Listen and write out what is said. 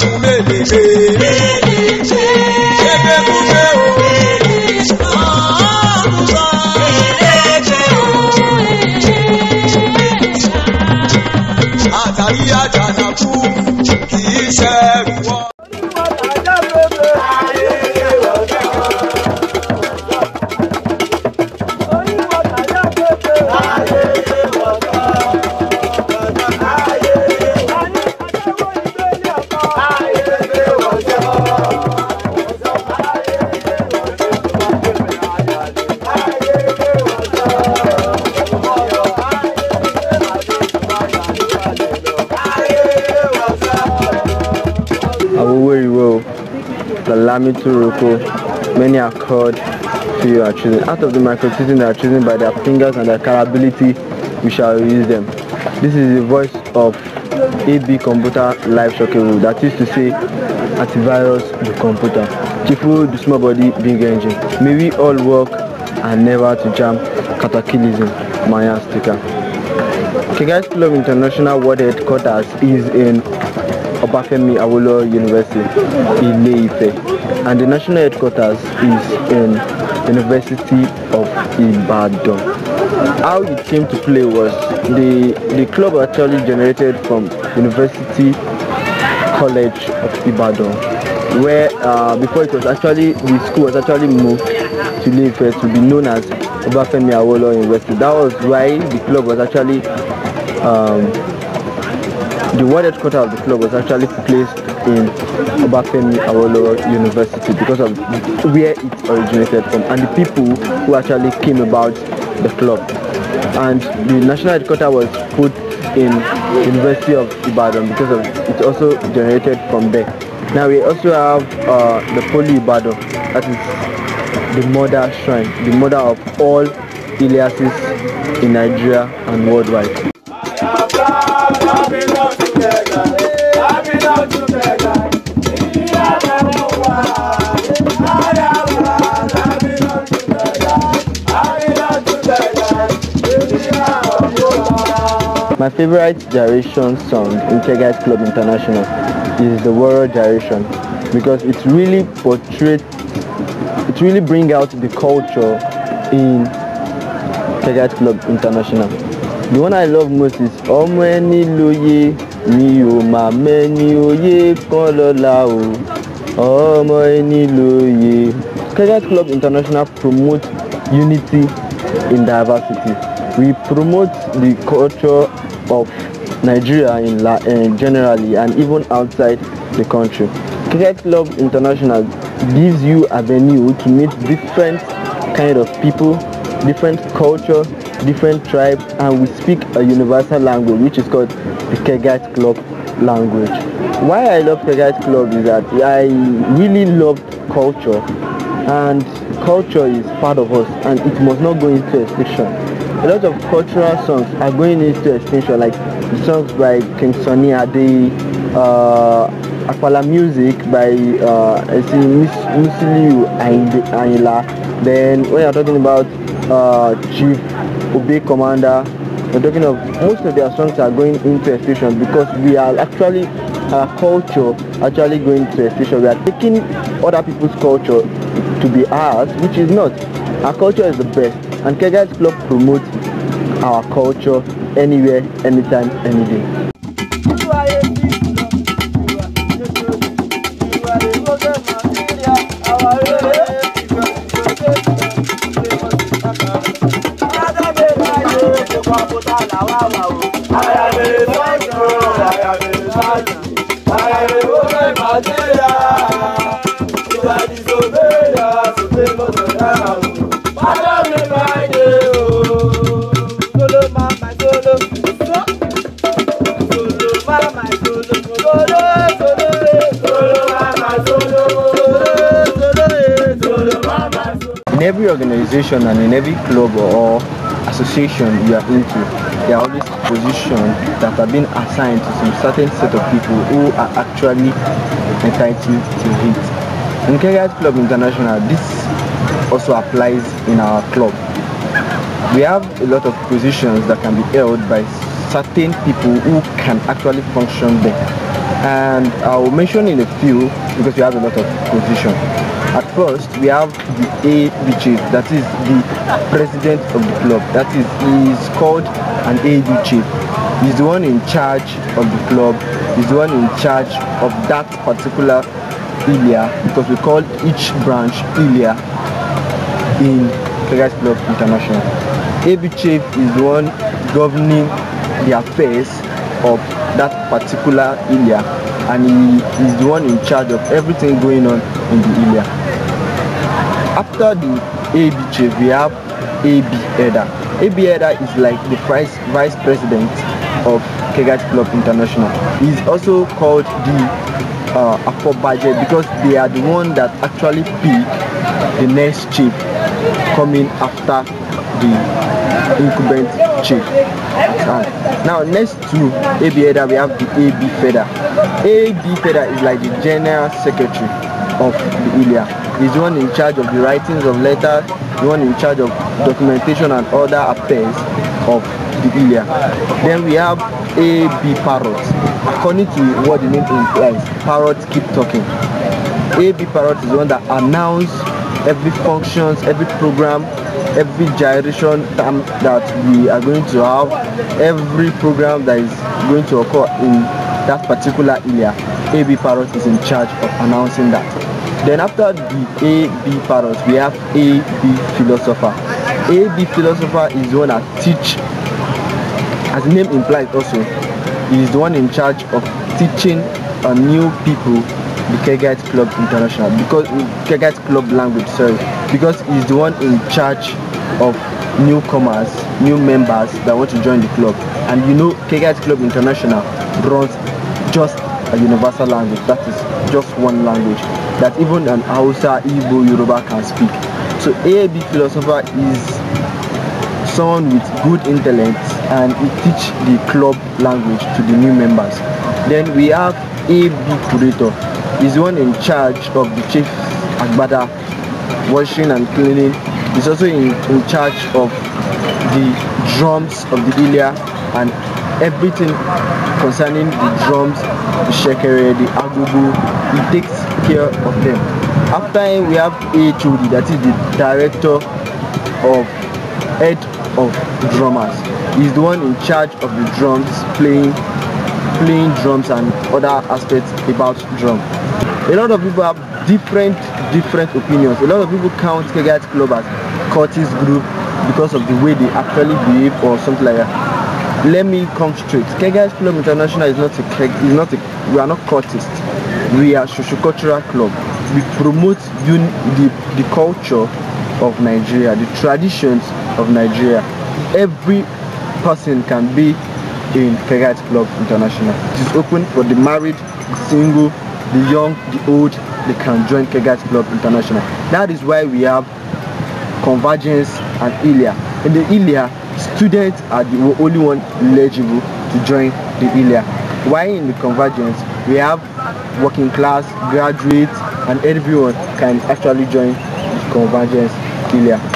fún mi gbèsè. Lamitu Roko, many accord few are chosen. Out of the microcitizens they are chosen by their fingers and their capability, we shall use them. This is the voice of AB Computer Live Shocking that is to say, antivirus the computer. Chifu the small body big engine. May we all work and never to jam cataclysm Maya sticker. guys. Club International World Headquarters is in Obafemi Awolowo University, in ife and the national headquarters is in University of Ibadan. How it came to play was the the club actually generated from University College of Ibadan, where uh, before it was actually the school was actually moved to Ile-Ife to be known as Obafemi Awolowo University. That was why the club was actually um, the world headquarters of the club was actually placed in Obafemi Awolowo University because of where it originated from and the people who actually came about the club. And the national headquarters was put in University of Ibadan because of it also generated from there. Now we also have uh, the Poli Ibadan, that is the mother shrine, the mother of all Iliases in Nigeria and worldwide. My favorite gyration song in Checkers Club International is the Warrior Gyration because it really portrays, it really brings out the culture in Checkers Club International. The one I love most is Ọmọ ẹni lóye mi ò mà mẹ́ni òye kan lọ́la o. meni oye ẹni omo Club International promotes unity in diversity. We promote the culture of Nigeria in, La eh, generally and even outside the country. Cricket Club International gives you avenue to meet different kind of people, different culture, different tribes, and we speak a universal language which is called the Kegat Club language. Why I love Kegat Club is that I really love culture and culture is part of us and it must not go into extinction a lot of cultural songs are going into extinction, like songs by King Sunny Ade, uh, Music by uh, Musiliu Anila. Then when you're talking about uh, Chief Obey Commander, we're talking of most of their songs are going into extinction because we are actually our culture actually going to extinction. We are taking other people's culture to be ours, which is not. Our culture is the best and Kegels Club promotes our culture anywhere, anytime, any day. Ayẹyẹ wo fẹ́ máa dé. in every organization and in every club or association you are into, there are always positions that have been assigned to some certain set of people who are actually entitled to it. In Kenya's Club International, this also applies in our club. We have a lot of positions that can be held by certain people who can actually function there. And I'll mention in a few because we have a lot of positions. At first, we have the ABC, that is the president of the club. That is, he is called an chief. He's the one in charge of the club. He's the one in charge of that particular area because we call each branch area in Vegas Club International. AB Chief is the one governing the affairs of that particular area and he is the one in charge of everything going on in the area. After the AB chief, we have AB Eda. AB Eda is like the vice, vice president of Kegat Club International. He is also called the uh, budget because they are the one that actually pick the next chief coming after the incumbent check and now next to ab header we have the ab feather ab feather is like the general secretary of the ilia he's the one in charge of the writings of letters the one in charge of documentation and other affairs of the ilia then we have ab parrot according to what the name implies parrot keep talking ab parrot is the one that announces every functions, every program, every gyration that we are going to have, every program that is going to occur in that particular area, AB Parrot is in charge of announcing that. Then after the AB Parrot, we have AB Philosopher. AB Philosopher is the one that teach, as the name implies also, he is the one in charge of teaching a new people the Kegite Club International because Kegite Club language, sorry, because he's the one in charge of newcomers, new members that want to join the club. And you know, Kegite Club International runs just a universal language, that is just one language that even an Hausa, Igbo, Yoruba can speak. So AAB philosopher is someone with good intellect and he teach the club language to the new members. Then we have AB curator He's the one in charge of the chief Agbada, washing and cleaning. He's also in, in charge of the drums of the Ilia and everything concerning the drums, the shekere, the agugu. He takes care of them. After him, we have a chudi that is the director of head of drummers. He's the one in charge of the drums, playing, playing drums and other aspects about drum. a lot of people have different different opinions a lot of people count Kegels club as cultist group because of the way they actually behave or something like that let me come straight Kegels club international is not a is not a we are not cultists we are cultural club we promote un, the the culture of Nigeria the traditions of Nigeria every person can be in Kegels club international it is open for the married single the young, the old, they can join Kegat Club International. That is why we have Convergence and ILIA. In the ILIA, students are the only one eligible to join the ILIA. Why in the Convergence, we have working class, graduates, and everyone can actually join the Convergence ILIA.